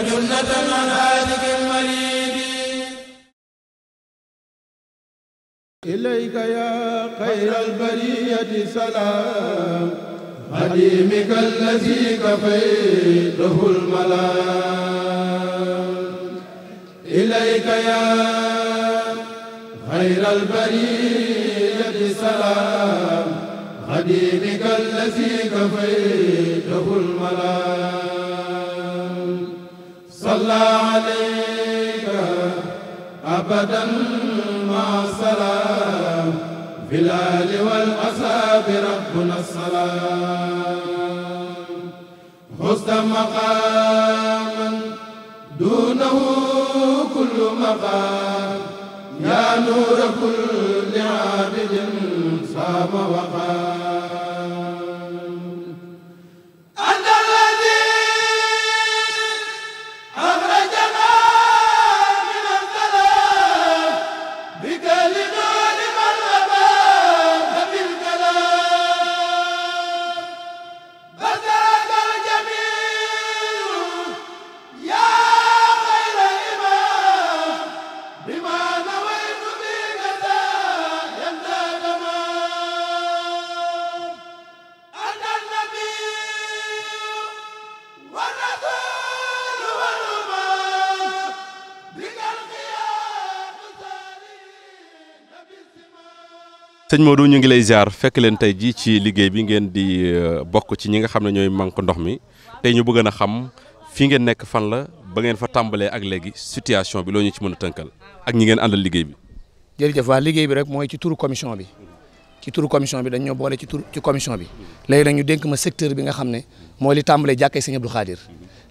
وجنة من هالك المريد إليك يا خير البرية سلام خديمك الذي كفيته الملام إليك يا خير البرية سلام خديمك الذي كفيته الملام صلى عليك أبدا مع السلام في الآل والأصحاب ربنا السلام خذ مقاما دونه كل مقام يا نور كل عابد صام وقام sëñ Modou ñu ngi lay ziar fekk leen tey jii ci liggéey bi ngeen di euh, bokk ci ñi nga xam ne ñooy manque ndox mi tey ñu bëgg na xam fii ngeen nekk fan la ba ngeen fa tàmbalee ak léegi situation bi loo ñu ci mën a tënkal ak ñi ngeen àndal liggéey bi. jërëjëf waa liggéey bi rek mooy ci turu commission bi ci turu commission bi dañ boole ci turu ci commission bi léegi dañu ñu dénk ma secteur bi nga xam ne mooy li tàmbalee jàkkee sëñ Abdou Khadir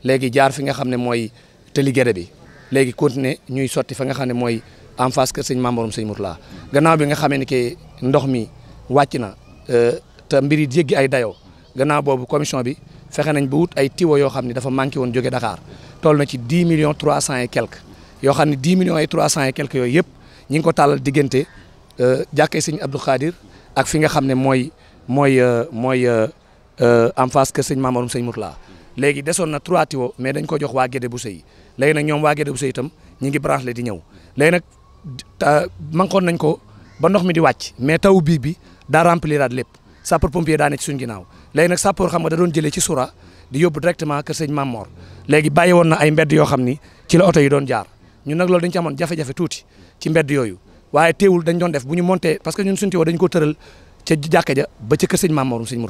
léegi jaar fi nga xam ne mooy tëli gerte bi léegi continuer ñuy sotti fa nga xam ne mooy en face kër sëñ Mamborom sëñ Mourtala gannaaw bi nga xamee ndox mi wàcc na euh, te mbir yi jéggi ay dayoo gannaaw boobu commission bi fexe nañ ba wut ay tiwo yoo xam ne dafa manqué woon jóge Dakar toll na ci dix millions trois cent et quelques yoo xam ne dix millions et trois cent et quelques yooyu ngi ko tàllal diggante euh, jàkkee sëñ Abdou ak fi nga xam ne mooy mooy euh, mooy en face kër sëñ Mamborom sëñ Mourtala léegi desoon na trois tiwo mais dañ ko jox waa Gédé Bousso yi léegi nag ñoom waa Guédé bu itam ñi ngi branché di ñëw léegi nag koon nañ ko ba ndox mi di wàcc mais taw bii bi daa rempliraat lépp sapeur pompier daa ne ci suñ ginnaaw léegi nag sapeur xam nga da doon jëlee ci sura di yóbbu directement kër sëñ Mamor léegi bàyyi woon na ay mbedd yoo xam ni ci la oto yi doon jaar ñun nag loolu dañ ci amoon jafe-jafe tuuti ci mbedd yooyu waaye teewul dañ doon def bu ñu monté parce que ñun suñ suñu teewoo dañ ko tëral ca jàkka ja ba ca kër sëñ Mamor sëñ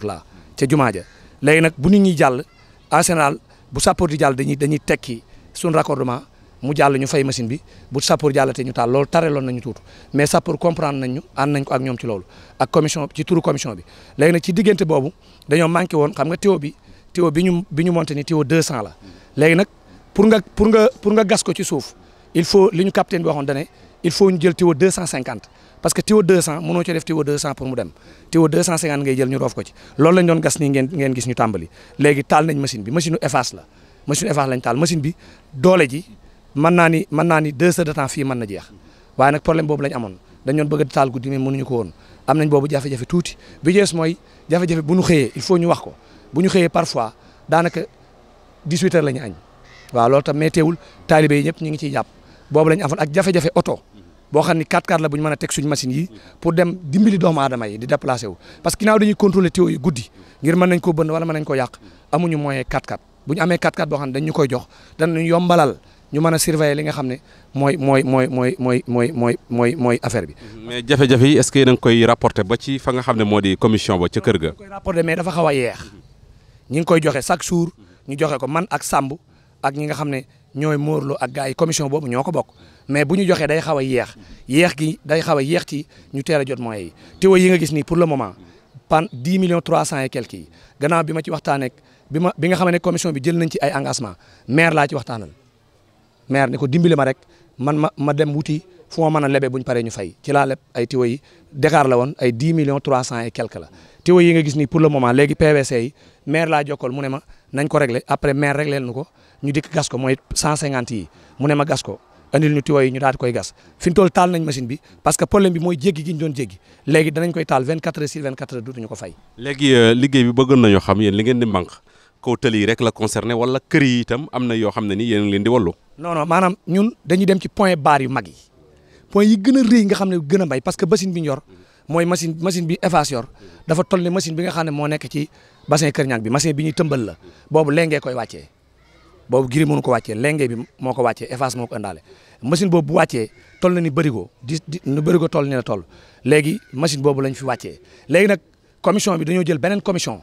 jumaa ja léegi nag bu nit ñi jàll en bu sapeur di jàll dañuy dañuy tekki suñ raccordement mu jàll ñu fay machine bi bu sapeur jàllatee ñu taal loolu tareloon nañu tuuti mais pour comprendre nañ ñu ànd ko ak ñoom ci loolu ak commission ci turu commission bi léegi nag ci diggante boobu dañoo manqué woon xam nga tuyau bi tuyau bi ñu bi ñu monté ni tuyau la léegi nag pour nga pour nga pour nga gas ko ci suuf il faut li ñu capitaine bi waxoon dane il faut ñu jël tuyau 250 parce que tuyau 200 mënoo ci def tuyau 200 pour mu dem tuyau 250 jël ñu roof ko ci loolu lañ doon gas nii ngeen ngeen gis ñu tàmbali léegi taal nañ machine bi machine u la machine Eiffage lañ taal machine bi doole ji mën naa ni mën naa ni deux heures de temps fii man na jeex waaye nag problème boobu lañ amoon dañ doon taal guddi mais mënuñu ko woon am nañ boobu jafe-jafe tuuti bi jees mooy jafe-jafe bu ñu xëyee il faut ñu wax ko bu ñu xëyee parfois daanaka 18 heures la ñu añ waaw loolu ta mais teewul taalibe yi ñëpp ñu ngi ciy jàpp boobu la ñu ak jafe-jafe oto boo xam ni 4 x la bu ñu mën a teg suñu machine yi pour dem dimbali doomu aadama yi di déplacé wu parce que ginnaaw dañuy contrôler tuyaux yi guddi nañ koo bënn wala mën nañ koo yàq amuñu moyen 4 x bu ñu amee 4 x boo xam ne dañ ñu koy jox danañ yombalal ñu mën a surveiller li nga xam ne mooy mooy mooy mooy mooy mooy mooy mooy mooy affaire bi. Mm-hmm. mais jafe-jafe yi est-ce que yéen a koy rapporter ba ci fa nga xam ne moo di commission ba ca kër ga. koy rapporter mais dafa xaw a yeex mm-hmm. ñi ngi koy joxe chaque jour ñu joxe ko man ak Samb ak ñi nga xam ne ñooy móorlu ak gars yi commission boobu ñoo ko bokk mais bu ñu joxee day xaw a yeex yeex gi day xaw a yeex ci ñu teel a jot mooy yi. teewa yi nga gis nii pour le moment pan 10 millions 300 et quelques yi gannaaw bi ma ci waxtaanee. bi ma bi nga xam ne commission bi jël nañ ci ay engagement maire laa ci waxtaanal maire ni ko dimbali ma rek man ma ma dem wuti fu ma a lebee bu ñu paree ñu fay ci laa leb ay tiwa yi la woon ay dix millions trois cent et quelque la tiwa yi nga gis ni pour le moment léegi PVC yi maire laa jokkal mu ne ma nañ ko régler après maire régleel nu ko ñu dikk gas ko mooy cent cinquante yi mu ne ma gas ko andil ñu tiwa yi ñu daal di ñu toll koy taal vingt euh, xam yéen li ngeen di manqué kaw tëli yi rek la concerné wala kër yi itam am na yoo xam ne ni yéen ngi leen di wallu. non non maanaam ñun dañuy dem ci point barre yu mag yi point yi gën a rëy nga xam ne gën a bay parce que machine bi ñu yor mooy machine machine bi Eiffage yor dafa toll ni machine nga xam ne moo nekk ci bassin Kër Ñaŋ bi machine bi ñu tëmbal la boobu lengee ko wàccee boobu giri mënu ko wàccee lengee bi moo ko wàccee Eiffage moo ko indaale machine boobu bu wàccee toll na ni bërigo di di nu bërigo toll ni la toll léegi machine boobu lañ fi wàccee léegi nag commission bi dañoo jël beneen commission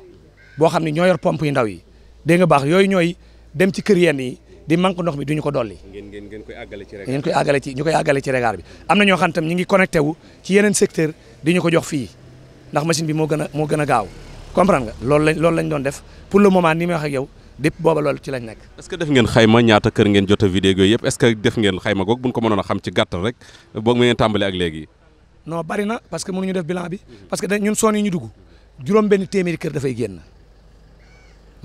boo xam ne ñoo yor pomp yu ndaw yi dégg nga baax yooyu ñooy dem ci kër yenn yi di manque ndox mi du ñu ko dolli. ngeen ngeen ngeen koy àggale ci regard ngeen ci ñu koy àggale ci regard bi am na ñoo xam tam ñu ngi connecté ci yeneen secteur di ñu ko jox fii ndax machine bi moo gën a moo gën a gaaw comprendre nga loolu lañ loolu lañ doon def pour le moment ni may wax ak yow dépp booba loolu ci lañ nekk. est-ce que def ngeen xayma ñaata kër ngeen jot a vidéo yooyu yëpp est def ngeen xayma goog bu ñu ko mënoon a xam ci gàttal rek boo ngeen tàmbale ak léegi. non bari na parce que mënuñu def parce que ñun son yi ñu dugg juróom benn téeméeri kër dafay génn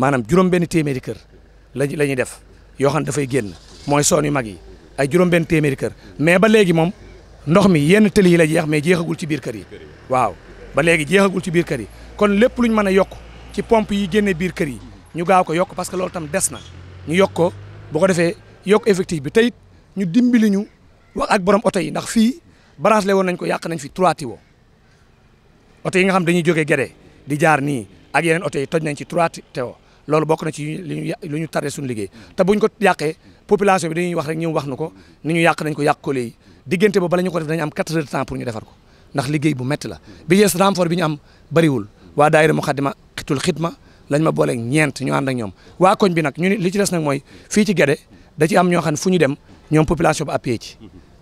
maanaam juróom-benn téeméeri kër lañ la ñuy def yoo xam dafay génn mooy soon yu mag yi ay juróom-benn téeméeri kër mais ba léegi moom ndox mi yenn tëli yi la jeex mais jeexagul ci biir kër yi waaw ba léegi jeexagul ci biir kër yi kon lépp luñ mën a yokk ci pompe yi génne biir kër yi ñu gaaw ko yokk parce que loolu tam des na ñu yokk ko boo ko defee yokk effectif bi teyit ñu dimbali ñu wax ak borom oto yi ndax fii branche le woon nañ ko yàq nañ fi trois tiwo oto yi nga xam dañuy jógee Gédé di jaar nii ak yeneen oto toj nañ ci trois tiwo loolu bokk na ci li ñu lu ñu tardé suñu liggéey te buñ ko yàqee population bi dañuy wax rek ñëw wax na ko ni ñu yàq nañ ko yàq ko léegi diggante ba bala ñu ko def dañu am 4 heures de temps pour ñu defar ko ndax liggéey bu métti la bi yees renfort bi ñu am bëriwul waa daayira Muqaddima xitul xitma lañ ma booleeg ñeent ñu ànd ak ñoom waa koñ bi nag ñu li ci des nag mooy fii ci Guédé da ci am ñoo xam ne fu ñu dem ñoom population bi appuyé ci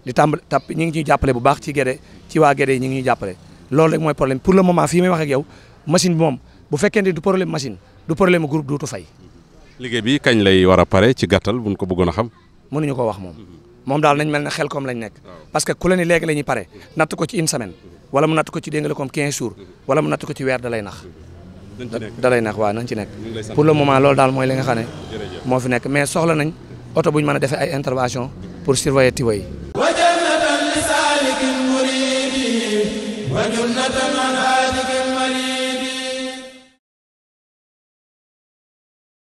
di tàmbali ta ñi ngi ñuy jàppale bu baax ci Guédé ci waa Guédé ñi ngi ñuy loolu mooy problème pour le moment fii may wax yow machine moom bu fekkente du problème machine du problème groupe duutu fay. liggéey bi kañ lay war a pare ci gàttal buñ ko bëggoon a xam. mënuñu ko wax moom mhm. moom daal nañ mel ne xel koom lañ nekk parce que ku la ni léegi la ñuy pare natt ko ci une semaine wala mu natt ko ci déngale koom 15 jours wala mu natt ko ci weer da nax. da nax waaw nañ ci nekk. pour le moment loolu daal mooy li nga xam ne moo fi nekk mais soxla nañ oto bu mën a defee ay intervention pour surveiller tiwa yi.